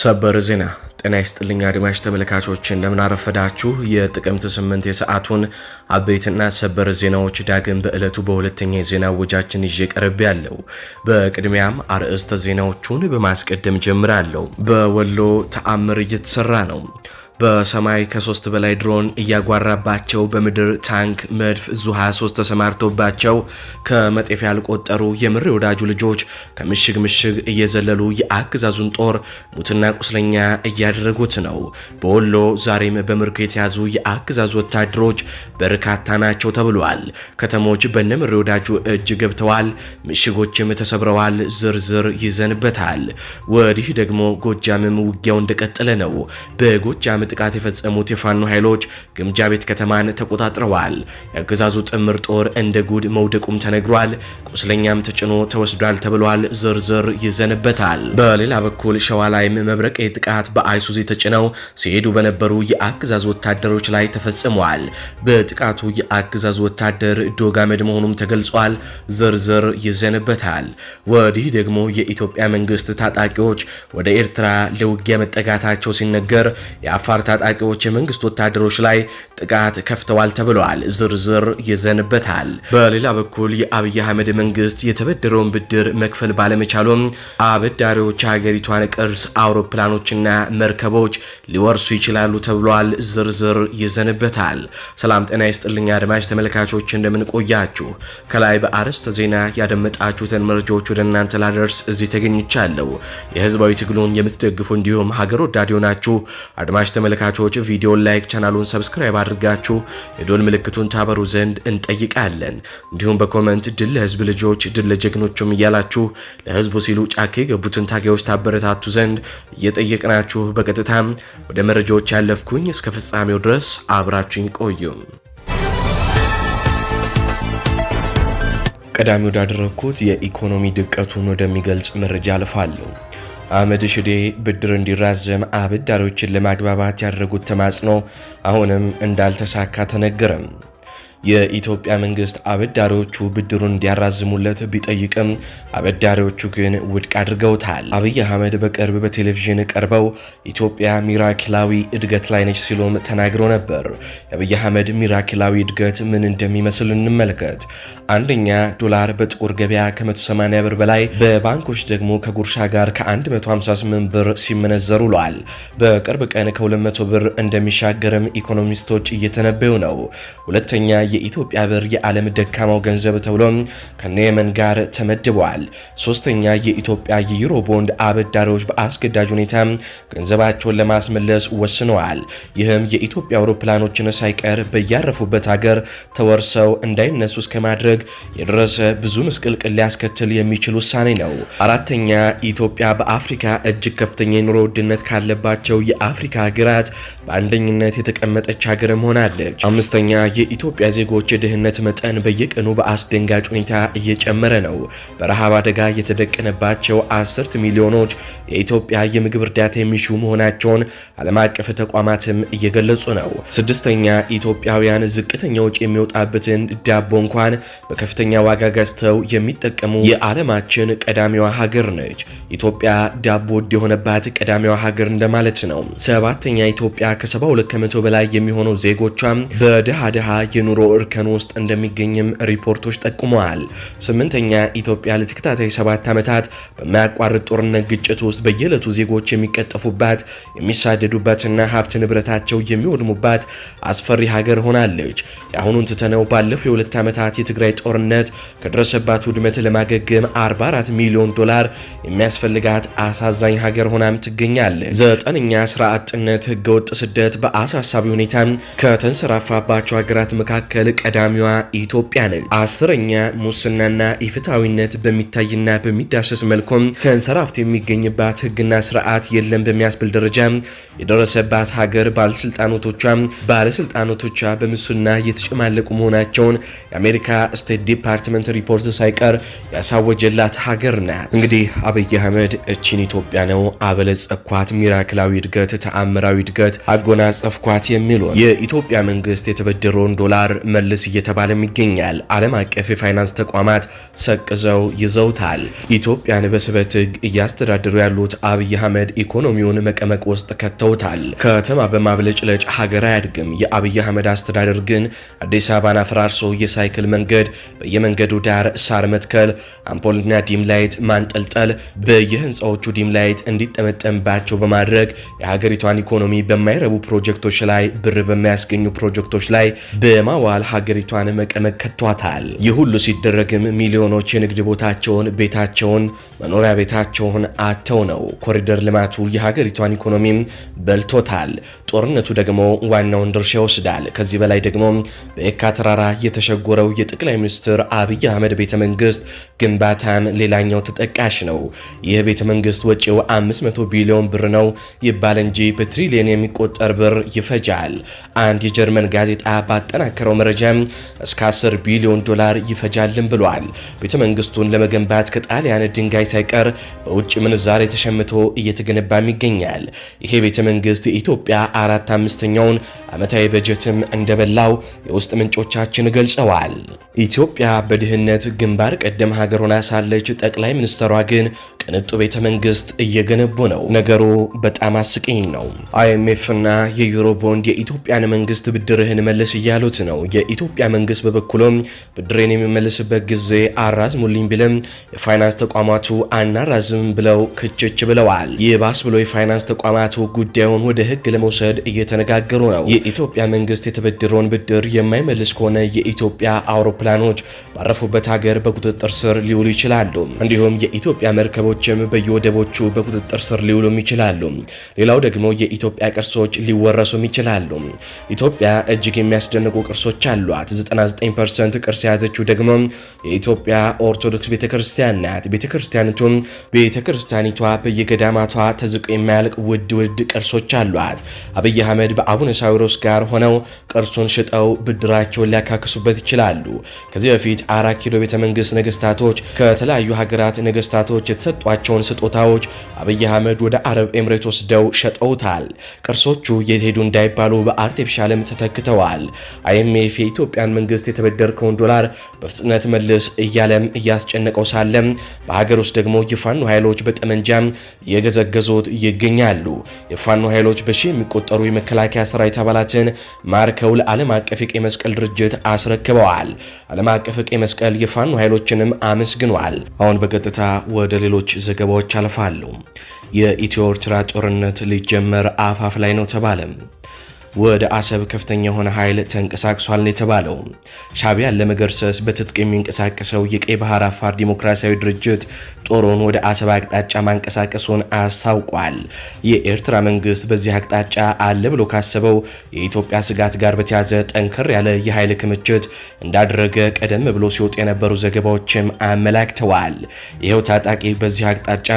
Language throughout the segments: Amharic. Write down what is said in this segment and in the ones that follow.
ሰበር ዜና ጤና ይስጥልኝ አድማጭ ተመልካቾች፣ እንደምናረፈዳችሁ የጥቅምት ስምንት የሰዓቱን አበይትና ሰበር ዜናዎች ዳግም በዕለቱ በሁለተኛ የዜና ወጃችን ይዤ ቀርብ ያለው። በቅድሚያም አርዕስተ ዜናዎቹን በማስቀደም ጀምራለሁ። በወሎ ተአምር እየተሰራ ነው። በሰማይ ከሶስት በላይ ድሮን እያጓራባቸው በምድር ታንክ፣ መድፍ፣ ዙ 23 ተሰማርቶባቸው ከመጤፍ ያልቆጠሩ የምሬ ወዳጁ ልጆች ከምሽግ ምሽግ እየዘለሉ የአገዛዙን ጦር ሙትና ቁስለኛ እያደረጉት ነው። በወሎ ዛሬም በምርኮ የተያዙ የአገዛዙ ወታደሮች በርካታ ናቸው ተብሏል። ከተሞች በነምሬ ወዳጁ እጅ ገብተዋል፣ ምሽጎችም ተሰብረዋል። ዝርዝር ይዘንበታል። ወዲህ ደግሞ ጎጃምም ውጊያው እንደቀጠለ ነው። በጎጃም ጥቃት የፈጸሙት የፋኖ ኃይሎች ግምጃ ቤት ከተማን ተቆጣጥረዋል። የአገዛዙ ጥምር ጦር እንደ ጉድ መውደቁም ተነግሯል። ቁስለኛም ተጭኖ ተወስዷል ተብሏል። ዝርዝር ይዘንበታል። በሌላ በኩል ሸዋ ላይም መብረቃዊ ጥቃት በአይሱዚ ተጭነው ሲሄዱ በነበሩ የአገዛዙ ወታደሮች ላይ ተፈጽሟል። በጥቃቱ የአገዛዙ ወታደር ዶጋመድ መሆኑም ተገልጿል። ዝርዝር ይዘንበታል። ወዲህ ደግሞ የኢትዮጵያ መንግስት ታጣቂዎች ወደ ኤርትራ ለውጊያ መጠጋታቸው ሲነገር የአፋር የአፋር ታጣቂዎች የመንግስት ወታደሮች ላይ ጥቃት ከፍተዋል ተብለዋል። ዝርዝር ይዘንበታል። በሌላ በኩል የአብይ አህመድ መንግስት የተበደረውን ብድር መክፈል ባለመቻሉም አበዳሪዎች የሀገሪቷን ቅርስ፣ አውሮፕላኖችና መርከቦች ሊወርሱ ይችላሉ ተብሏል። ዝርዝር ይዘንበታል። ሰላም ጤና ይስጥልኛ አድማጭ ተመልካቾች እንደምንቆያችሁ ከላይ በአርዕስተ ዜና ያደመጣችሁትን መረጃዎች ወደ እናንተ ላደርስ እዚህ ተገኝቻለሁ። የህዝባዊ ትግሉን የምትደግፉ እንዲሁም ሀገር ወዳድ ሆናችሁ አድማጭ ተመልካቾች ቪዲዮን ላይክ፣ ቻናሉን ሰብስክራይብ አድርጋችሁ የዶል ምልክቱን ታበሩ ዘንድ እንጠይቃለን። እንዲሁም በኮመንት ድል ለህዝብ ልጆች፣ ድል ለጀግኖቹም እያላችሁ ለህዝቡ ሲሉ ጫካ የገቡትን ታጋዮች ታበረታቱ ዘንድ እየጠየቅናችሁ በቀጥታ ወደ መረጃዎች ያለፍኩኝ እስከ ፍጻሜው ድረስ አብራችሁኝ ቆዩ። ቀዳሚ ወዳደረግኩት የኢኮኖሚ ድቀቱን ወደሚገልጽ መረጃ አልፋለሁ። አህመድ ሽዴ ብድር እንዲራዘም አበዳሪዎችን ለማግባባት ያደረጉት ተማጽኖ አሁንም እንዳልተሳካ ተነገረም። የኢትዮጵያ መንግስት አበዳሪዎቹ ብድሩን እንዲያራዝሙለት ቢጠይቅም አበዳሪዎቹ ግን ውድቅ አድርገውታል። አብይ አህመድ በቅርብ በቴሌቪዥን ቀርበው ኢትዮጵያ ሚራክላዊ እድገት ላይ ነች ሲሉም ተናግሮ ነበር። የአብይ አህመድ ሚራክላዊ እድገት ምን እንደሚመስል እንመልከት። አንደኛ ዶላር በጥቁር ገበያ ከ180 ብር በላይ በባንኮች ደግሞ ከጉርሻ ጋር ከ158 ብር ሲመነዘር ውሏል። በቅርብ ቀን ከ200 ብር እንደሚሻገርም ኢኮኖሚስቶች እየተነበዩ ነው። ሁለተኛ የኢትዮጵያ ብር የዓለም ደካማው ገንዘብ ተብሎ ከነ የመን ጋር ተመድበዋል። ሶስተኛ የኢትዮጵያ የዩሮ ቦንድ አበዳሪዎች በአስገዳጅ ሁኔታ ገንዘባቸውን ለማስመለስ ወስነዋል። ይህም የኢትዮጵያ አውሮፕላኖችን ሳይቀር በያረፉበት ሀገር ተወርሰው እንዳይነሱ እስከማድረግ የደረሰ ብዙ ምስቅልቅል ሊያስከትል የሚችል ውሳኔ ነው። አራተኛ ኢትዮጵያ በአፍሪካ እጅግ ከፍተኛ የኑሮ ውድነት ካለባቸው የአፍሪካ ሀገራት በአንደኝነት የተቀመጠች ሀገርም ሆናለች። አምስተኛ የኢትዮጵያ ዜጎች የድህነት መጠን በየቀኑ በአስደንጋጭ ሁኔታ እየጨመረ ነው። በረሃብ አደጋ የተደቀነባቸው አስርት ሚሊዮኖች የኢትዮጵያ የምግብ እርዳታ የሚሹ መሆናቸውን ዓለም አቀፍ ተቋማትም እየገለጹ ነው። ስድስተኛ ኢትዮጵያውያን ዝቅተኛ ውጭ የሚወጣበትን ዳቦ እንኳን በከፍተኛ ዋጋ ገዝተው የሚጠቀሙ የዓለማችን ቀዳሚዋ ሀገር ነች። ኢትዮጵያ ዳቦ ውድ የሆነባት ቀዳሚዋ ሀገር እንደማለት ነው። ሰባተኛ ኢትዮጵያ ከ72 ከመቶ በላይ የሚሆኑ ዜጎቿ በድሃ ድሃ የኑሮ እርከን ውስጥ እንደሚገኝም ሪፖርቶች ጠቁመዋል። ስምንተኛ ኢትዮጵያ ለተከታታይ ሰባት ዓመታት በማያቋርጥ ጦርነት ግጭት ውስጥ በየዕለቱ ዜጎች የሚቀጠፉባት የሚሳደዱባትና ሀብት ንብረታቸው የሚወድሙባት አስፈሪ ሀገር ሆናለች። የአሁኑን ትተነው ባለፉ የሁለት ዓመታት የትግራይ ጦርነት ከደረሰባት ውድመት ለማገገም 44 ሚሊዮን ዶላር የሚያስፈልጋት አሳዛኝ ሀገር ሆናም ትገኛለች። ዘጠነኛ ስርዓት አጥነት፣ ህገወጥ ስደት በአሳሳቢ ሁኔታ ከተንሰራፋባቸው ሀገራት መካከል መካከል ቀዳሚዋ ኢትዮጵያ ነች። አስረኛ ሙስናና ኢፍትሐዊነት በሚታይና በሚዳሰስ መልኩም ተንሰራፍቶ የሚገኝባት ህግና ስርዓት የለም በሚያስብል ደረጃ የደረሰባት ሀገር ባለስልጣኖቶቿ ባለስልጣኖቶቿ በሙስና የተጨማለቁ መሆናቸውን የአሜሪካ ስቴት ዲፓርትመንት ሪፖርት ሳይቀር ያሳወጀላት ሀገር ናት። እንግዲህ አብይ አህመድ እቺን ኢትዮጵያ ነው አበለጸኳት፣ ሚራክላዊ እድገት፣ ተአምራዊ እድገት አጎናጸፍኳት የሚሉ የኢትዮጵያ መንግስት የተበደረውን ዶላር መልስ እየተባለም ይገኛል። ዓለም አቀፍ የፋይናንስ ተቋማት ሰቅዘው ይዘውታል። ኢትዮጵያን በስበት ህግ እያስተዳደሩ ያሉት አብይ አህመድ ኢኮኖሚውን መቀመቅ ውስጥ ከተውታል። ከተማ በማብለጭለጭ ሀገር አያድግም። የአብይ አህመድ አስተዳደር ግን አዲስ አበባን አፈራርሶ የሳይክል መንገድ በየመንገዱ ዳር ሳር መትከል፣ አምፖልና ዲም ላይት ማንጠልጠል፣ በየህንፃዎቹ ዲም ላይት እንዲጠመጠምባቸው በማድረግ የሀገሪቷን ኢኮኖሚ በማይረቡ ፕሮጀክቶች ላይ ብር በማያስገኙ ፕሮጀክቶች ላይ በማዋ በመዋል ሀገሪቷን መቀመቅ ከቷታል። ይህ ሁሉ ሲደረግም ሚሊዮኖች የንግድ ቦታቸውን፣ ቤታቸውን፣ መኖሪያ ቤታቸውን አተው ነው። ኮሪደር ልማቱ የሀገሪቷን ኢኮኖሚም በልቶታል። ጦርነቱ ደግሞ ዋናውን ድርሻ ይወስዳል። ከዚህ በላይ ደግሞ በየካ ተራራ የተሸጎረው የጠቅላይ ሚኒስትር አብይ አህመድ ቤተ መንግስት ግንባታም ሌላኛው ተጠቃሽ ነው። ይህ ቤተ መንግስት ወጪው 500 ቢሊዮን ብር ነው ይባል እንጂ በትሪሊዮን የሚቆጠር ብር ይፈጃል። አንድ የጀርመን ጋዜጣ ባጠናከረው መረጃ እስከ 10 ቢሊዮን ዶላር ይፈጃልን ብሏል። ቤተ መንግስቱን ለመገንባት ከጣሊያን ድንጋይ ሳይቀር በውጭ ምንዛሬ ተሸምቶ እየተገነባም ይገኛል። ይሄ ቤተ መንግስት የኢትዮጵያ አራት አምስተኛውን ዓመታዊ በጀትም እንደበላው የውስጥ ምንጮቻችን ገልጸዋል። ኢትዮጵያ በድህነት ግንባር ቀደም ሀገር ሆና ሳለች ጠቅላይ ሚኒስትሯ ግን ቅንጡ ቤተ መንግስት እየገነቡ ነው። ነገሩ በጣም አስቂኝ ነው። አይኤምኤፍ የዩሮ ቦንድ የኢትዮጵያን መንግስት ብድርህን መልስ እያሉት ነው። የኢትዮጵያ መንግስት በበኩሎም ብድሬን የሚመልስበት ጊዜ አራዝሙልኝ ቢልም የፋይናንስ ተቋማቱ አናራዝም ብለው ክችች ብለዋል። ባስ ብሎ የፋይናንስ ተቋማቱ ጉዳዩን ወደ ህግ ለመውሰድ እየተነጋገሩ ነው። የኢትዮጵያ መንግስት የተበደረውን ብድር የማይመልስ ከሆነ የኢትዮጵያ አውሮፕላን አውሮፕላኖች ባረፉበት ሀገር በቁጥጥር ስር ሊውሉ ይችላሉ። እንዲሁም የኢትዮጵያ መርከቦችም በየወደቦቹ በቁጥጥር ስር ሊውሉም ይችላሉ። ሌላው ደግሞ የኢትዮጵያ ቅርሶች ሊወረሱም ይችላሉ። ኢትዮጵያ እጅግ የሚያስደንቁ ቅርሶች አሏት። 99% ቅርስ የያዘችው ደግሞ የኢትዮጵያ ኦርቶዶክስ ቤተክርስቲያን ናት። ቤተክርስቲያኒቱ ቤተክርስቲያኒቷ በየገዳማቷ ተዝቆ የማያልቅ ውድ ውድ ቅርሶች አሏት። አብይ አህመድ በአቡነ ሳዊሮስ ጋር ሆነው ቅርሱን ሽጠው ብድራቸውን ሊያካክሱበት ይችላሉ። ከዚህ በፊት አራት ኪሎ ቤተ መንግስት ነገስታቶች ከተለያዩ ሀገራት ነገስታቶች የተሰጧቸውን ስጦታዎች አብይ አህመድ ወደ አረብ ኤምሬት ወስደው ሸጠውታል። ቅርሶቹ የት ሄዱ እንዳይባሉ በአርቴፊሻልም ተተክተዋል። አይኤምኤፍ የኢትዮጵያን መንግስት የተበደርከውን ዶላር በፍጥነት መልስ እያለም እያስጨነቀው ሳለም በሀገር ውስጥ ደግሞ የፋኖ ኃይሎች በጠመንጃም እየገዘገዙት ይገኛሉ። የፋኖ ኃይሎች በሺ የሚቆጠሩ የመከላከያ ሰራዊት አባላትን ማርከው ለዓለም አቀፍ የቀይ መስቀል ድርጅት አስረክበዋል። ዓለም አቀፍ ቀይ መስቀል የፋኖ ኃይሎችንም አመስግኗል። አሁን በቀጥታ ወደ ሌሎች ዘገባዎች አልፋለሁ የኢትዮ ኤርትራ ጦርነት ሊጀመር አፋፍ ላይ ነው ተባለም። ወደ አሰብ ከፍተኛ የሆነ ኃይል ተንቀሳቅሷል ነው የተባለው። ሻቢያን ለመገርሰስ በትጥቅ የሚንቀሳቀሰው የቀይ ባህር አፋር ዲሞክራሲያዊ ድርጅት ጦሩን ወደ አሰብ አቅጣጫ ማንቀሳቀሱን አስታውቋል። የኤርትራ መንግስት በዚህ አቅጣጫ አለ ብሎ ካሰበው የኢትዮጵያ ስጋት ጋር በተያዘ ጠንከር ያለ የኃይል ክምችት እንዳደረገ ቀደም ብሎ ሲወጡ የነበሩ ዘገባዎችም አመላክተዋል። ይኸው ታጣቂ በዚህ አቅጣጫ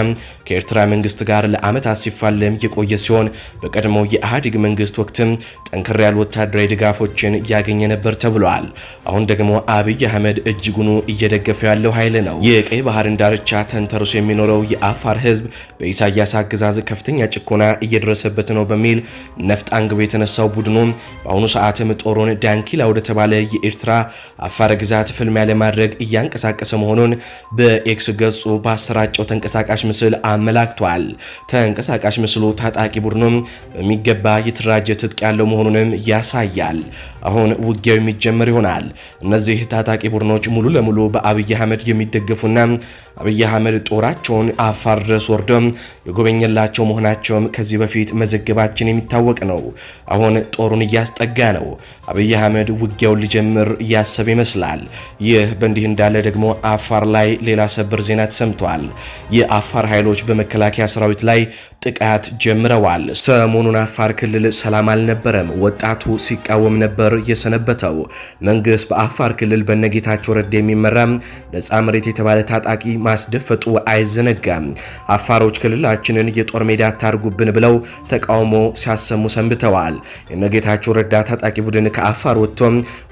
ከኤርትራ መንግስት ጋር ለዓመታት ሲፋለም የቆየ ሲሆን በቀድሞ የኢህአዴግ መንግስት ወቅትም ጠንከር ያሉ ወታደራዊ ድጋፎችን ያገኘ ነበር ተብሏል። አሁን ደግሞ አብይ አህመድ እጅጉኑ እየደገፈ ያለው ኃይል ነው። የቀይ ባህርን ዳርቻ ተንተርሶ የሚኖረው የአፋር ህዝብ በኢሳያስ አገዛዝ ከፍተኛ ጭኮና እየደረሰበት ነው በሚል ነፍጥ አንግቦ የተነሳው ቡድኑ በአሁኑ ሰዓትም ጦሩን ዳንኪላ ወደተባለ የኤርትራ አፋር ግዛት ፍልሚያ ለማድረግ እያንቀሳቀሰ መሆኑን በኤክስ ገጹ ባሰራጨው ተንቀሳቃሽ ምስል አመላክቷል። ተንቀሳቃሽ ምስሉ ታጣቂ ቡድኑ በሚገባ የተደራጀ ትጥቅ ያለው መሆኑንም ያሳያል። አሁን ውጊያው የሚጀምር ይሆናል። እነዚህ ታጣቂ ቡድኖች ሙሉ ለሙሉ በአብይ አህመድ የሚደገፉና አብይ አህመድ ጦራቸውን አፋር ድረስ ወርዶም የጎበኘላቸው መሆናቸውም ከዚህ በፊት መዘገባችን የሚታወቅ ነው። አሁን ጦሩን እያስጠጋ ነው። አብይ አህመድ ውጊያውን ሊጀምር እያሰበ ይመስላል። ይህ በእንዲህ እንዳለ ደግሞ አፋር ላይ ሌላ ሰብር ዜና ተሰምቷል። የአፋር ኃይሎች በመከላከያ ሰራዊት ላይ ጥቃት ጀምረዋል። ሰሞኑን አፋር ክልል ሰላም አልነበረም። ወጣቱ ሲቃወም ነበር የሰነበተው። መንግስት በአፋር ክልል በነጌታቸው ረዳ የሚመራ ነጻ መሬት የተባለ ታጣቂ ማስደፈጡ አይዘነጋም። አፋሮች ክልላችንን የጦር ሜዳ አታርጉብን ብለው ተቃውሞ ሲያሰሙ ሰንብተዋል። የነጌታቸው ረዳ ታጣቂ ቡድን ከአፋር ወጥቶ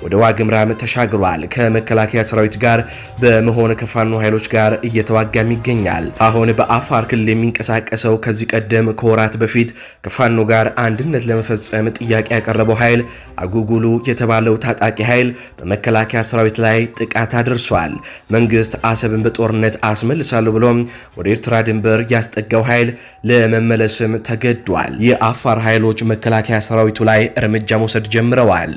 ወደ ዋግምራም ተሻግሯል። ከመከላከያ ሰራዊት ጋር በመሆን ከፋኖ ኃይሎች ጋር እየተዋጋም ይገኛል። አሁን በአፋር ክልል የሚንቀሳቀሰው ከዚህ ቀደም ከወራት በፊት ከፋኖ ጋር አንድነት ለመፈጸም ጥያቄ ያቀረበው ኃይል አጉጉሉ የተባለው ታጣቂ ኃይል በመከላከያ ሰራዊት ላይ ጥቃት አድርሷል። መንግስት አሰብን በጦርነት አስመልሳለሁ ብሎ ወደ ኤርትራ ድንበር ያስጠጋው ኃይል ለመመለስም ተገዷል። የአፋር ኃይሎች መከላከያ ሰራዊቱ ላይ እርምጃ መውሰድ ጀምረዋል።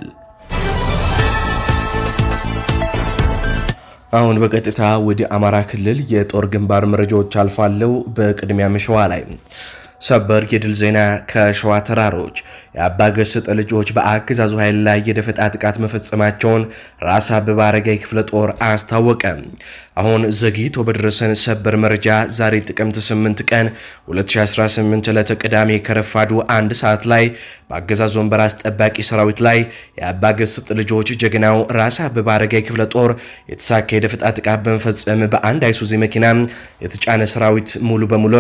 አሁን በቀጥታ ወደ አማራ ክልል የጦር ግንባር መረጃዎች አልፋለሁ። በቅድሚያ ምሸዋ ላይ ሰበር የድል ዜና ከሸዋ ተራሮች የአባገስጥ ልጆች በአገዛዙ ኃይል ላይ የደፈጣ ጥቃት መፈጸማቸውን ራስ አበበ አረጋይ ክፍለ ጦር አስታወቀ። አሁን ዘግይቶ በደረሰን ሰበር መረጃ ዛሬ ጥቅምት 8 ቀን 2018 ዕለተ ቅዳሜ ከረፋዱ አንድ ሰዓት ላይ በአገዛዙ ወንበር አስጠባቂ ሰራዊት ላይ የአባገስጥ ልጆች ጀግናው ራስ አበበ አረጋይ ክፍለ ጦር የተሳካ የደፈጣ ጥቃት በመፈጸም በአንድ አይሱዚ መኪና የተጫነ ሰራዊት ሙሉ በሙሉ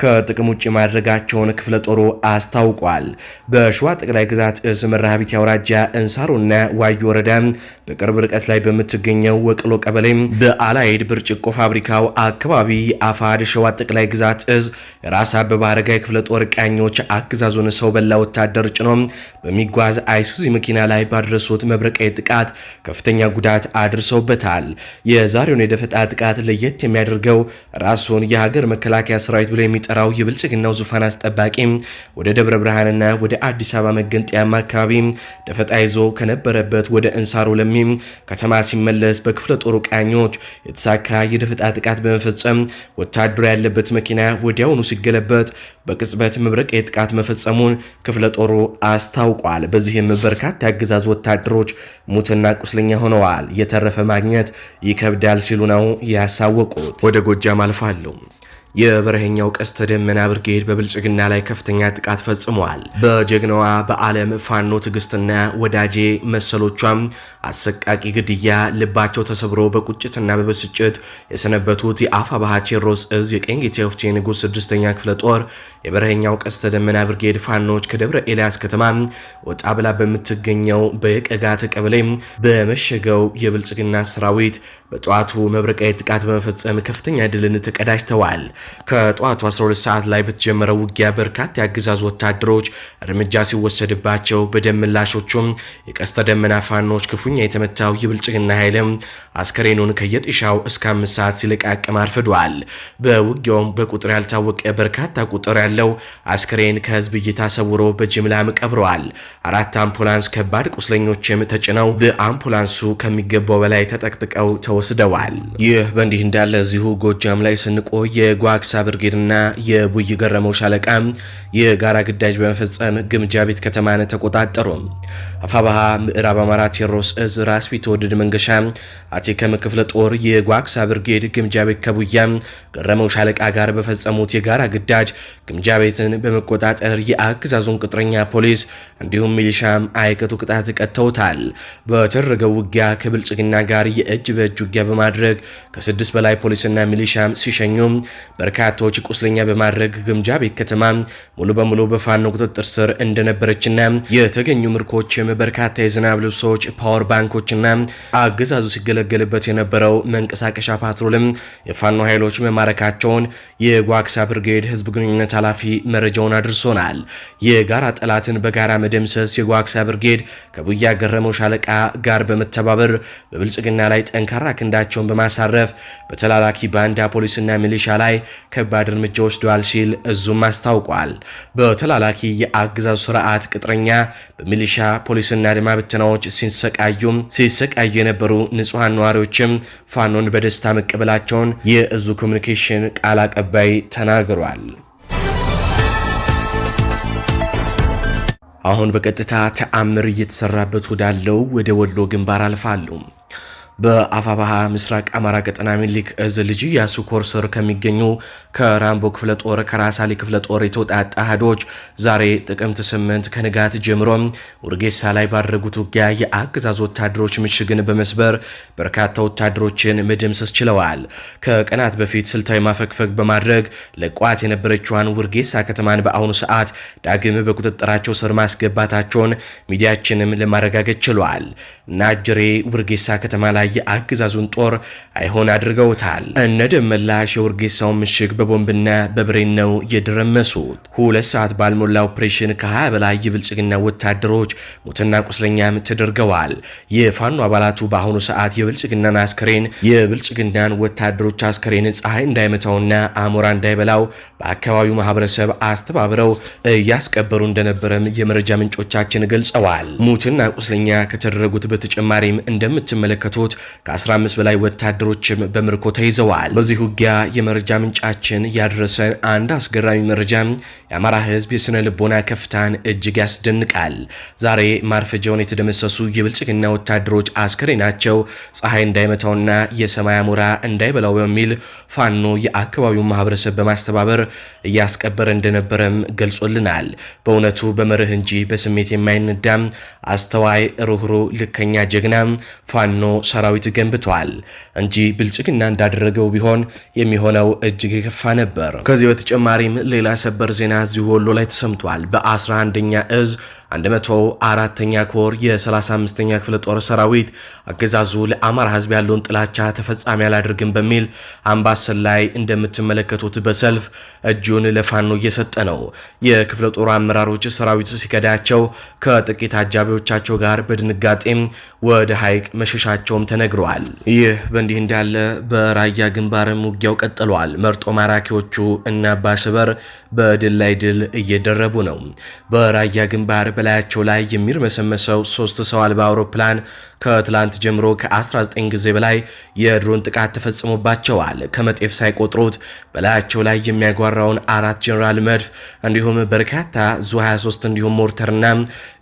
ከጥቅም ውጭ ማድረግ ማድረጋቸውን ክፍለ ጦሩ አስታውቋል። በሸዋ ጠቅላይ ግዛት እዝ መርሃቤቴ አውራጃ እንሳሮና ዋዩ ወረዳ በቅርብ ርቀት ላይ በምትገኘው ወቅሎ ቀበሌ በአላይድ ብርጭቆ ፋብሪካው አካባቢ አፋድ ሸዋ ጠቅላይ ግዛት እዝ ራስ አበበ አረጋይ ክፍለ ጦር ቃኞች አገዛዙን ሰው በላ ወታደር ጭኖ በሚጓዝ አይሱዚ መኪና ላይ ባደረሱት መብረቃዊ ጥቃት ከፍተኛ ጉዳት አድርሰውበታል። የዛሬውን የደፈጣ ጥቃት ለየት የሚያደርገው ራሱን የሀገር መከላከያ ሰራዊት ብሎ የሚጠራው የብልጽግናው ዙፋን አስጠባቂ ወደ ደብረ ብርሃንና ወደ አዲስ አበባ መገንጠያማ አካባቢ ደፈጣ ይዞ ከነበረበት ወደ እንሳሮ ለሚ ከተማ ሲመለስ በክፍለ ጦሩ ቃኞች የተሳካ የደፈጣ ጥቃት በመፈጸም ወታደሩ ያለበት መኪና ወዲያውኑ ሲገለበት በቅጽበት መብረቅ የጥቃት መፈጸሙን ክፍለ ጦሩ አስታውቋል። በዚህም በርካታ የአገዛዙ ወታደሮች ሙትና ቁስለኛ ሆነዋል። የተረፈ ማግኘት ይከብዳል ሲሉ ነው ያሳወቁት። ወደ ጎጃም አልፋለሁ። የበረሀኛው ቀስተ ደመና ብርጌድ በብልጽግና ላይ ከፍተኛ ጥቃት ፈጽመዋል። በጀግናዋ በዓለም ፋኖ ትዕግስትና ወዳጄ መሰሎቿም አሰቃቂ ግድያ ልባቸው ተሰብሮ በቁጭትና በብስጭት የሰነበቱት የአፋ ባህ ቴዎድሮስ እዝ የቀኝ ጌቴዎፍቴ ንጉሥ ስድስተኛ ክፍለ ጦር የበረሀኛው ቀስተ ደመና ብርጌድ ፋኖች ከደብረ ኤልያስ ከተማ ወጣ ብላ በምትገኘው በቀጋ ቀበሌ በመሸገው የብልጽግና ሰራዊት በጠዋቱ መብረቃዊ ጥቃት በመፈጸም ከፍተኛ ድልን ተቀዳጅተዋል። ከጠዋቱ 12 ሰዓት ላይ በተጀመረው ውጊያ በርካታ የአገዛዝ ወታደሮች እርምጃ ሲወሰድባቸው በደምላሾቹም የቀስተ ደመና ፋኖች ክፉኛ የተመታው የብልጽግና ኃይልም አስከሬኑን ከየጥሻው እስከ አምስት ሰዓት ሲለቃቅም አርፍዷል። በውጊያውም በቁጥር ያልታወቀ በርካታ ቁጥር ያለው አስከሬን ከህዝብ እይታ ሰውሮ በጅምላም ቀብረዋል። አራት አምፑላንስ ከባድ ቁስለኞችም ተጭነው በአምፑላንሱ ከሚገባው በላይ ተጠቅጥቀው ተወስደዋል። ይህ በእንዲህ እንዳለ እዚሁ ጎጃም ላይ የጓ የጓግሳ ብርጌድና የቡይ ገረመው ሻለቃ የጋራ ግዳጅ በመፈጸም ግምጃ ቤት ከተማን ተቆጣጠሩ። አፋባሃ ምዕራብ አማራ ቴዎድሮስ እዝ ራስ ቢትወደድ መንገሻ አቴከም ክፍለ ጦር የጓግሳ ብርጌድ ግምጃ ቤት ከቡያ ገረመው ሻለቃ ጋር በፈጸሙት የጋራ ግዳጅ ግምጃ ቤትን በመቆጣጠር የአገዛዙን ቅጥረኛ ፖሊስ እንዲሁም ሚሊሻም አይቀጡ ቅጣት ቀጥተውታል። በተደረገው ውጊያ ከብልጽግና ጋር የእጅ በእጅ ውጊያ በማድረግ ከስድስት በላይ ፖሊስና ሚሊሻም ሲሸኙ በርካቶች ቁስለኛ በማድረግ ግምጃ ቤት ከተማ ሙሉ በሙሉ በፋኖ ቁጥጥር ስር እንደነበረችና የተገኙ ምርኮችም በርካታ የዝናብ ልብሶች፣ ፓወር ባንኮችና አገዛዙ ሲገለገልበት የነበረው መንቀሳቀሻ ፓትሮልም የፋኖ ኃይሎች መማረካቸውን የጓክሳ ብርጌድ ህዝብ ግንኙነት ኃላፊ መረጃውን አድርሶናል። የጋራ ጠላትን በጋራ መደምሰስ የጓክሳ ብርጌድ ከቡያ ገረመው ሻለቃ ጋር በመተባበር በብልጽግና ላይ ጠንካራ ክንዳቸውን በማሳረፍ በተላላኪ ባንዳ ፖሊስና ሚሊሻ ላይ ከባድ እርምጃ ወስደዋል ሲል እዙም አስታውቋል። በተላላኪ የአገዛዙ ስርዓት ቅጥረኛ በሚሊሻ ፖሊስና ድማ ብትናዎች ሲሰቃዩ ሲሰቃዩ የነበሩ ንጹሐን ነዋሪዎችም ፋኖን በደስታ መቀበላቸውን የእዙ ኮሚኒኬሽን ቃል አቀባይ ተናግሯል። አሁን በቀጥታ ተአምር እየተሰራበት ወዳለው ወደ ወሎ ግንባር አልፋሉ። በአፋባሃ ምስራቅ አማራ ቀጠና ሚኒሊክ እዝ ልጅ ያሱ ኮርሰር ከሚገኙ ከራምቦ ክፍለ ጦር ከራሳሊ ክፍለ ጦር የተውጣጣ አሃዶች ዛሬ ጥቅምት 8 ከንጋት ጀምሮ ውርጌሳ ላይ ባደረጉት ውጊያ የአገዛዝ ወታደሮች ምሽግን በመስበር በርካታ ወታደሮችን መደምሰስ ችለዋል። ከቀናት በፊት ስልታዊ ማፈግፈግ በማድረግ ለቋት የነበረችዋን ውርጌሳ ከተማን በአሁኑ ሰዓት ዳግም በቁጥጥራቸው ስር ማስገባታቸውን ሚዲያችንም ለማረጋገጥ ችሏል። ናጅሬ ውርጌሳ ከተማ ላይ የአገዛዙን ጦር አይሆን አድርገውታል። እነ ደመላሽ የወርጌሳውን ምሽግ በቦምብና በብሬን ነው የደረመሱት። ሁለት ሰዓት ባልሞላ ኦፕሬሽን ከ20 በላይ የብልጽግና ወታደሮች ሙትና ቁስለኛም ተደርገዋል። የፋኖ አባላቱ በአሁኑ ሰዓት የብልጽግናን አስከሬን የብልጽግናን ወታደሮች አስከሬን ፀሐይ እንዳይመታውና አሞራ እንዳይበላው በአካባቢው ማህበረሰብ አስተባብረው እያስቀበሩ እንደነበረም የመረጃ ምንጮቻችን ገልጸዋል። ሙትና ቁስለኛ ከተደረጉት በተጨማሪም እንደምትመለከቱት ከ15 በላይ ወታደሮችም በምርኮ ተይዘዋል። በዚህ ውጊያ የመረጃ ምንጫችን ያደረሰን አንድ አስገራሚ መረጃ የአማራ ህዝብ የስነ ልቦና ከፍታን እጅግ ያስደንቃል። ዛሬ ማርፈጃውን የተደመሰሱ የብልጽግና ወታደሮች አስከሬ ናቸው ፀሐይ እንዳይመታውና የሰማይ አሞራ እንዳይበላው በሚል ፋኖ የአካባቢውን ማህበረሰብ በማስተባበር እያስቀበረ እንደነበረም ገልጾልናል። በእውነቱ በመርህ እንጂ በስሜት የማይነዳም አስተዋይ፣ ሩህሩህ፣ ልከኛ ጀግና ፋኖ ሰራ ሰራዊት ገንብቷል እንጂ ብልጽግና እንዳደረገው ቢሆን የሚሆነው እጅግ የከፋ ነበር። ከዚህ በተጨማሪም ሌላ ሰበር ዜና እዚሁ ወሎ ላይ ተሰምቷል። በ11ኛ እዝ 104ኛ ኮር የ35ኛ ክፍለ ጦር ሰራዊት አገዛዙ ለአማራ ህዝብ ያለውን ጥላቻ ተፈጻሚ አላደርግም በሚል አምባሰል ላይ እንደምትመለከቱት በሰልፍ እጁን ለፋኖ እየሰጠ ነው። የክፍለ ጦሩ አመራሮች ሰራዊቱ ሲከዳቸው ከጥቂት አጃቢዎቻቸው ጋር በድንጋጤም ወደ ሐይቅ መሸሻቸውም ተነግረዋል። ይህ በእንዲህ እንዳለ በራያ ግንባርም ውጊያው ቀጥሏል። መርጦ ማራኪዎቹ እና ባሰበር በድል ላይ ድል እየደረቡ ነው። በራያ ግንባር በላያቸው ላይ የሚርመሰመሰው ሶስት ሰው አልባ አውሮፕላን ከትላንት ጀምሮ ከ19 ጊዜ በላይ የድሮን ጥቃት ተፈጽሞባቸዋል። ከመጤፍ ሳይቆጥሩት በላያቸው ላይ የሚያጓራውን አራት ጀኔራል መድፍ እንዲሁም በርካታ ዙ 23 እንዲሁም ሞርተርና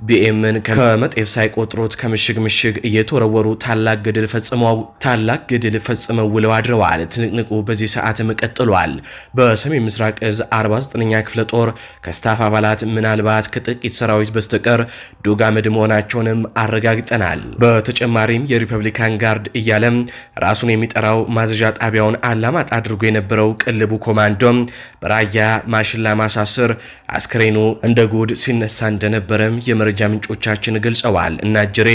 ቢኤምን ከመጤፍ ሳይቆጥሩት ከምሽግ ምሽግ እየተወረወሩ ታላቅ ገድል ፈጽመው ታላቅ ገድል ፈጽመው ውለው አድረዋል። ትንቅንቁ በዚህ ሰዓትም ቀጥሏል። በሰሜን ምስራቅ እዝ 49ኛ ክፍለ ጦር ከስታፍ አባላት ምናልባት ከጥቂት ሰራዊት በ በስተቀር ዶግ አመድ መሆናቸውንም አረጋግጠናል። በተጨማሪም የሪፐብሊካን ጋርድ እያለም ራሱን የሚጠራው ማዘዣ ጣቢያውን አላማጣ አድርጎ የነበረው ቅልቡ ኮማንዶም በራያ ማሽላ ማሳስር አስክሬኑ እንደ ጉድ ሲነሳ እንደነበረም የመረጃ ምንጮቻችን ገልጸዋል። እናጀሬ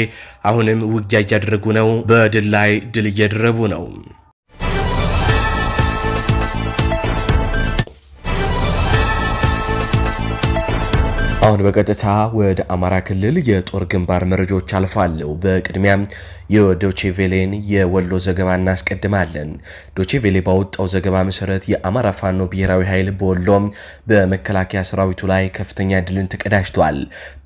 አሁንም ውጊያ እያደረጉ ነው። በድል ላይ ድል እየደረቡ ነው። አሁን በቀጥታ ወደ አማራ ክልል የጦር ግንባር መረጃዎች አልፋለሁ። በቅድሚያ የዶቼቬሌን የወሎ ዘገባ እናስቀድማለን። ዶቼቬሌ ባወጣው ዘገባ መሰረት የአማራ ፋኖ ብሔራዊ ኃይል በወሎ በመከላከያ ሰራዊቱ ላይ ከፍተኛ ድልን ተቀዳጅቷል።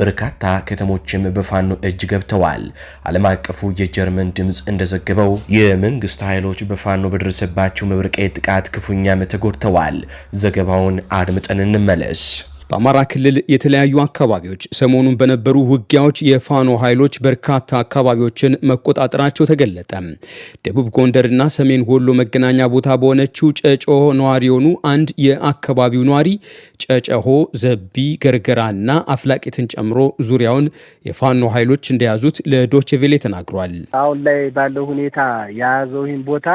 በርካታ ከተሞችም በፋኖ እጅ ገብተዋል። ዓለም አቀፉ የጀርመን ድምፅ እንደዘገበው የመንግስት ኃይሎች በፋኖ በደረሰባቸው መብረቃዊ ጥቃት ክፉኛም ተጎድተዋል። ዘገባውን አድምጠን እንመለስ። በአማራ ክልል የተለያዩ አካባቢዎች ሰሞኑን በነበሩ ውጊያዎች የፋኖ ኃይሎች በርካታ አካባቢዎችን መቆጣጠራቸው ተገለጠ። ደቡብ ጎንደርና ሰሜን ወሎ መገናኛ ቦታ በሆነችው ጨጮሆ ነዋሪ የሆኑ አንድ የአካባቢው ነዋሪ ጨጨሆ፣ ዘቢ፣ ገርገራና አፍላቂትን ጨምሮ ዙሪያውን የፋኖ ኃይሎች እንደያዙት ለዶችቬሌ ተናግሯል። አሁን ላይ ባለው ሁኔታ የያዘው ይህን ቦታ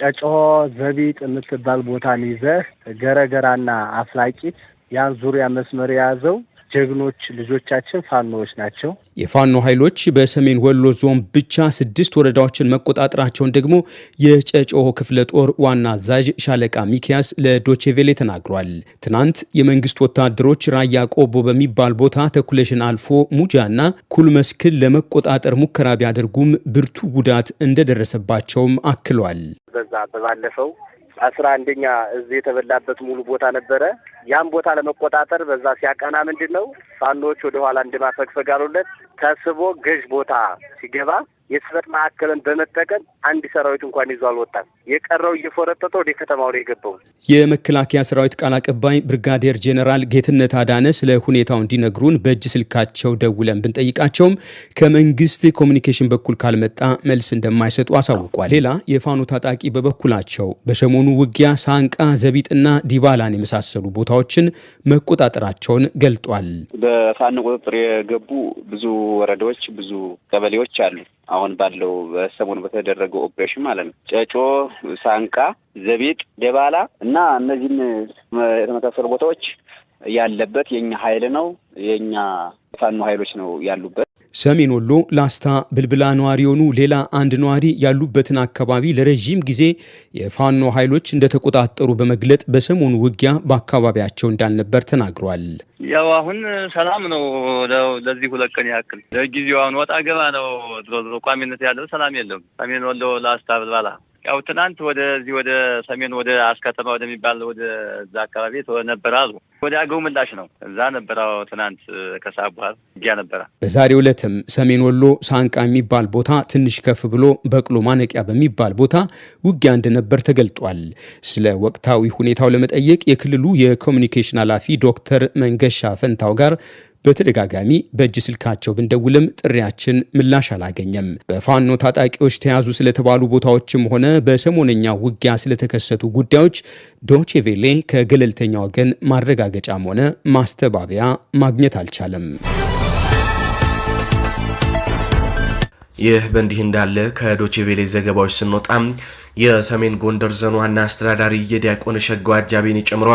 ጨጮሆ ዘቢጥ የምትባል ቦታን ይዘህ ገረገራና አፍላቂት ያን ዙሪያ መስመር የያዘው ጀግኖች ልጆቻችን ፋኖዎች ናቸው። የፋኖ ኃይሎች በሰሜን ወሎ ዞን ብቻ ስድስት ወረዳዎችን መቆጣጠራቸውን ደግሞ የጨጮሆ ክፍለ ጦር ዋና አዛዥ ሻለቃ ሚኪያስ ለዶቼቬሌ ተናግሯል። ትናንት የመንግስት ወታደሮች ራያ ቆቦ በሚባል ቦታ ተኩለሽን አልፎ ሙጃና ኩልመስክን ለመቆጣጠር ሙከራ ቢያደርጉም ብርቱ ጉዳት እንደደረሰባቸውም አክሏል። በዛ በባለፈው አስራ አንደኛ እዝ የተበላበት ሙሉ ቦታ ነበረ። ያን ቦታ ለመቆጣጠር በዛ ሲያቀና ምንድን ነው ፋኖች ወደኋላ ኋላ እንደማፈግፈግ አሉለት። ተስቦ ገዥ ቦታ ሲገባ የጽህፈት ማዕከልን በመጠቀም አንድ ሰራዊት እንኳን ይዞ አልወጣም። የቀረው እየፎረጠጠ ወደ ከተማው ነው የገባው። የመከላከያ ሰራዊት ቃል አቀባይ ብርጋዴር ጄኔራል ጌትነት አዳነ ስለ ሁኔታው እንዲነግሩን በእጅ ስልካቸው ደውለን ብንጠይቃቸውም ከመንግስት ኮሚኒኬሽን በኩል ካልመጣ መልስ እንደማይሰጡ አሳውቋል። ሌላ የፋኖ ታጣቂ በበኩላቸው በሰሞኑ ውጊያ ሳንቃ፣ ዘቢጥና ዲባላን የመሳሰሉ ቦታዎችን መቆጣጠራቸውን ገልጧል። በፋኖ ቁጥጥር የገቡ ብዙ ወረዳዎች ብዙ ቀበሌዎች አሉ። አሁን ባለው በሰሞኑ በተደረገው ኦፕሬሽን ማለት ነው። ጨጮ፣ ሳንቃ፣ ዘቢጥ፣ ደባላ እና እነዚህን የተመሳሰሉ ቦታዎች ያለበት የኛ ኃይል ነው የኛ ፋኖ ኃይሎች ነው ያሉበት። ሰሜን ወሎ ላስታ ብልብላ ነዋሪ የሆኑ ሌላ አንድ ነዋሪ ያሉበትን አካባቢ ለረዥም ጊዜ የፋኖ ኃይሎች እንደተቆጣጠሩ በመግለጥ በሰሞኑ ውጊያ በአካባቢያቸው እንዳልነበር ተናግሯል። ያው አሁን ሰላም ነው። ለዚህ ሁለት ቀን ያክል ለጊዜው አሁን ወጣ ገባ ነው። ድሮ ድሮ ቋሚነት ያለው ሰላም የለም። ሰሜን ወሎ ላስታ ብልባላ ያው ትናንት ወደዚህ ወደ ሰሜን ወደ አስከተማ ወደሚባል ወደዛ አካባቢ ነበረ አሉ። ወደ አገው ምላሽ ነው። እዛ ነበረ ትናንት ከሰዓት በኋላ ውጊያ ነበረ። በዛሬ ዕለትም ሰሜን ወሎ ሳንቃ የሚባል ቦታ ትንሽ ከፍ ብሎ በቅሎ ማነቂያ በሚባል ቦታ ውጊያ እንደነበር ተገልጧል። ስለ ወቅታዊ ሁኔታው ለመጠየቅ የክልሉ የኮሚኒኬሽን ኃላፊ ዶክተር መንገሻ ፈንታው ጋር በተደጋጋሚ በእጅ ስልካቸው ብንደውልም ጥሪያችን ምላሽ አላገኘም። በፋኖ ታጣቂዎች ተያዙ ስለተባሉ ቦታዎችም ሆነ በሰሞነኛ ውጊያ ስለተከሰቱ ጉዳዮች ዶቼቬሌ ከገለልተኛ ወገን ማረጋገጫም ሆነ ማስተባበያ ማግኘት አልቻለም። ይህ በእንዲህ እንዳለ ከዶቼቬሌ ዘገባዎች ስንወጣም የሰሜን ጎንደር ዞን ዋና አስተዳዳሪ የዲያቆን ሸጋው አጃቢን ጨምሮ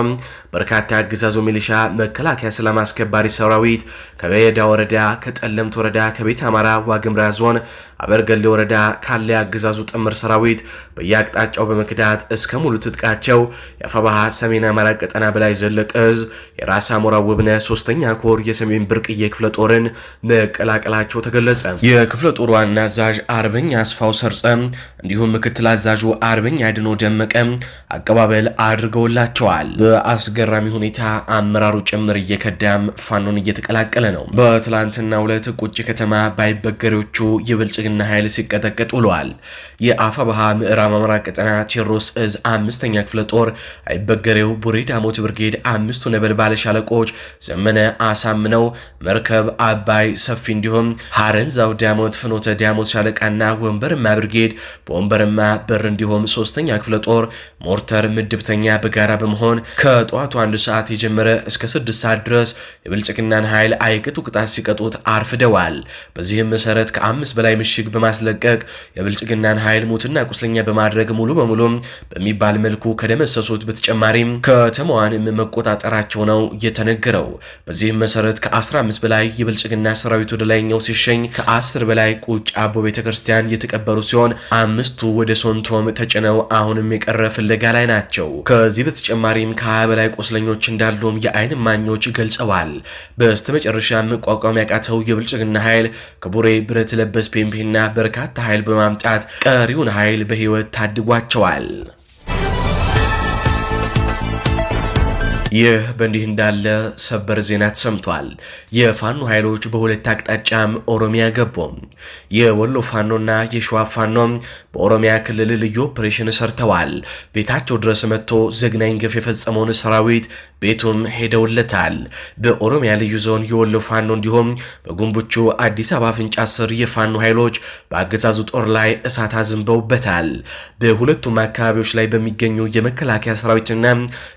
በርካታ የአገዛዙ ሚሊሻ መከላከያ ሰላም አስከባሪ ሰራዊት ከበየዳ ወረዳ፣ ከጠለምት ወረዳ፣ ከቤት አማራ ዋግምራ ዞን አበርገሌ ወረዳ ካለ የአገዛዙ ጥምር ሰራዊት በየአቅጣጫው በመክዳት እስከ ሙሉ ትጥቃቸው የአፈባሃ ሰሜን አማራ ቀጠና በላይ ዘለቀ እዝ የራስ አሞራ ውብነ ሶስተኛ ኮር የሰሜን ብርቅዬ ክፍለ ጦርን መቀላቀላቸው ተገለጸ። የክፍለ ጦር ዋና አዛዥ አርበኛ አስፋው ሰርጸ እንዲሁም ምክትል አዛዡ አርበኛ አድኖ ደመቀ አቀባበል አድርገውላቸዋል። በአስገራሚ ሁኔታ አመራሩ ጭምር እየከዳም ፋኖን እየተቀላቀለ ነው። በትላንትና ሁለት ቁጭ ከተማ ባይበገሬዎቹ የብልጽግና ኃይል ሲቀጠቀጥ ውለዋል። የአፋባሃ ምዕራብ አማራ ቀጠና ቴዎድሮስ እዝ አምስተኛ ክፍለ ጦር አይበገሬው ቡሬ ዳሞት ብርጌድ አምስቱ ነበልባለ ሻለቆች ዘመነ አሳምነው፣ መርከብ አባይ ሰፊ እንዲሁም ሀረን ዛው ዳሞት፣ ፍኖተ ዳሞት ሻለቃና ወንበርማ ብርጌድ በወንበርማ በር እንዲሁም ሶስተኛ ክፍለ ጦር ሞርተር ምድብተኛ በጋራ በመሆን ከጠዋቱ አንድ ሰዓት የጀመረ እስከ ስድስት ሰዓት ድረስ የብልጽግናን ኃይል አይቅጡ ቅጣት ሲቀጡት አርፍደዋል። በዚህም መሰረት ከአምስት በላይ ምሽግ በማስለቀቅ የብልጽግናን ኃይል ሙትና ቁስለኛ በማድረግ ሙሉ በሙሉ በሚባል መልኩ ከደመሰሱት በተጨማሪም ከተማዋን መቆጣጠራቸው ነው የተነገረው። በዚህም መሰረት ከ15 በላይ የብልጽግና ሰራዊት ወደ ላይኛው ሲሸኝ ከ10 በላይ ቁጭ አቦ ቤተክርስቲያን የተቀበሩ ሲሆን አምስቱ ወደ ሶንቶም ተጭነው አሁንም የቀረ ፍለጋ ላይ ናቸው። ከዚህ በተጨማሪም ከሀያ በላይ ቁስለኞች እንዳሉም የአይን ማኞች ገልጸዋል። በስተመጨረሻ መቋቋም ያቃተው የብልጽግና ኃይል ከቡሬ ብረት ለበስ ፔምፔና በርካታ ኃይል በማምጣት ቀሪውን ኃይል በህይወት ታድጓቸዋል። ይህ በእንዲህ እንዳለ ሰበር ዜና ተሰምቷል። የፋኖ ኃይሎች በሁለት አቅጣጫም ኦሮሚያ ገቡ። የወሎ ፋኖና የሸዋ ፋኖ በኦሮሚያ ክልል ልዩ ኦፕሬሽን ሰርተዋል። ቤታቸው ድረስ መጥቶ ዘግናኝ ግፍ የፈጸመውን ሰራዊት ቤቱም ሄደውለታል። በኦሮሚያ ልዩ ዞን የወሎ ፋኖ እንዲሁም በጉንቦቹ አዲስ አበባ አፍንጫ ስር የፋኖ ኃይሎች በአገዛዙ ጦር ላይ እሳት አዝንበውበታል። በሁለቱም አካባቢዎች ላይ በሚገኙ የመከላከያ ሰራዊትና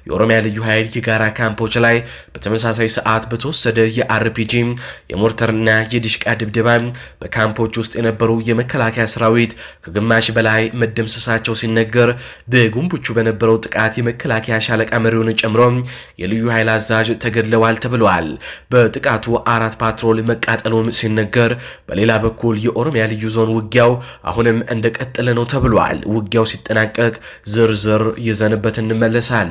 የኦሮሚያ ልዩ ኃይል የጋራ ካምፖች ላይ በተመሳሳይ ሰዓት በተወሰደ የአርፒጂ የሞርተርና የዲሽቃ ድብደባ በካምፖች ውስጥ የነበሩ የመከላከያ ሰራዊት ከግማሽ በላይ መደምሰሳቸው ሲነገር በጉንቦቹ በነበረው ጥቃት የመከላከያ ሻለቃ መሪውን ጨምሮ የልዩ ኃይል አዛዥ ተገድለዋል ተብለዋል። በጥቃቱ አራት ፓትሮል መቃጠሉም ሲነገር፣ በሌላ በኩል የኦሮሚያ ልዩ ዞን ውጊያው አሁንም እንደቀጠለ ነው ተብሏል። ውጊያው ሲጠናቀቅ ዝርዝር ይዘንበት እንመለሳል።